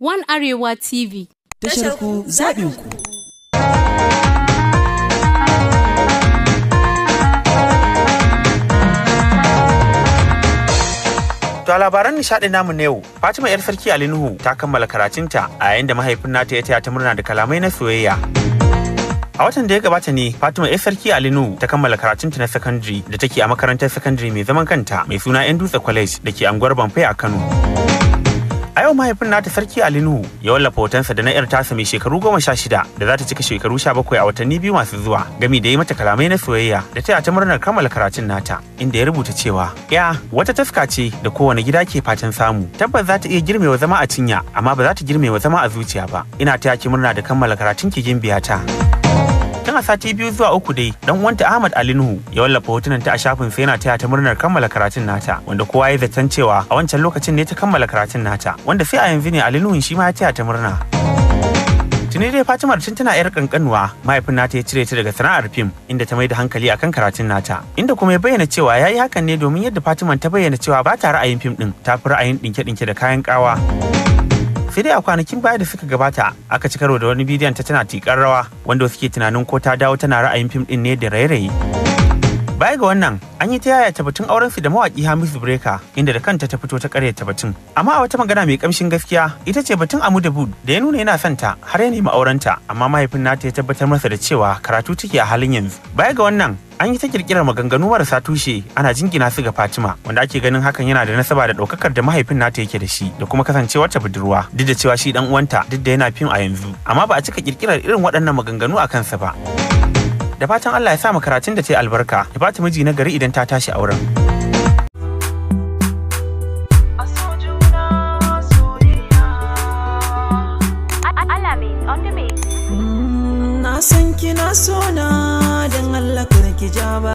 One Arewa TV. Tashar ku zaɓin ku. To labaran nishaɗi namu ne yau, Fatima 'yar sarki Ali Nuhu ta kammala karatunta a yayin da mahaifin nata ya taya ta murna da kalamai na soyayya. A watan da ya gabata ne Fatima 'yar sarki Ali Nuhu ta kammala karatunta na sakandare da take a makarantar sakandare mai zaman kanta mai suna 'yan dutse college da ke anguwar Bamfai a Kano. a yau mahaifin nata sarki alinu ya wallafa hotonsa da na yar tasa mai shekaru goma sha shida da za ta cika shekaru sha bakwai a watanni biyu masu zuwa gami da yi mata kalamai na soyayya da ta ta murnar kammala karatun nata inda ya rubuta cewa ya wata taska ce da kowane gida ke fatan samu tabbas za ta iya girmewa zama a cinya amma ba za ta girmewa zama a zuciya ba ina ta ki murna da kammala karatun ki gimbiya ta. tun a sati biyu zuwa uku dai dan wanta Ahmad Nuhu ya wallafa hotunan ta a shafin sa yana taya ta murnar kammala karatun nata wanda kowa ya zaton cewa a wancan lokacin ne ta kammala karatun nata wanda sai a yanzu ne Alinu shi ma ya taya ta murna. tuni dai fatima tun tana yar kankanuwa mahaifin nata ya cire ta daga sana'ar fim inda ta mai da hankali akan karatun nata inda kuma ya bayyana cewa yayi hakan ne domin yadda fatima ta bayyana cewa ba ta ra'ayin fim din ta fi ra'ayin dinke-dinke da kayan kawa sai dai a kwanakin baya da suka gabata aka ci karo da wani bidiyon ta tana tikar rawa wanda suke tunanin ko ta dawo tana ra'ayin fim din ne da rairayi baya ga wannan an yi ta yaya ta batun su da mawaki Hamisu Breka inda da kanta ta fito ta karya ta batun amma a wata magana mai kamshin gaskiya ita ce batun Amu da Bud da ya nuna yana son har ya nemi aurenta amma mahaifin nata ya tabbatar masa da cewa karatu take a halin yanzu baya ga wannan an yi ta kirkirar maganganu marasa tushe ana jingina su ga Fatima wanda ake ganin hakan yana da nasaba da ɗaukakar da mahaifin nata yake da shi da kuma kasancewar ta budurwa duk da cewa shi dan uwanta duk da yana fim a yanzu amma ba a cika kirkirar irin waɗannan maganganu a kansa ba da fatan Allah ya sa karatun da ta yi albarka ya bata miji na gari idan ta tashi auren. san kina sona dan Allah ki ja ba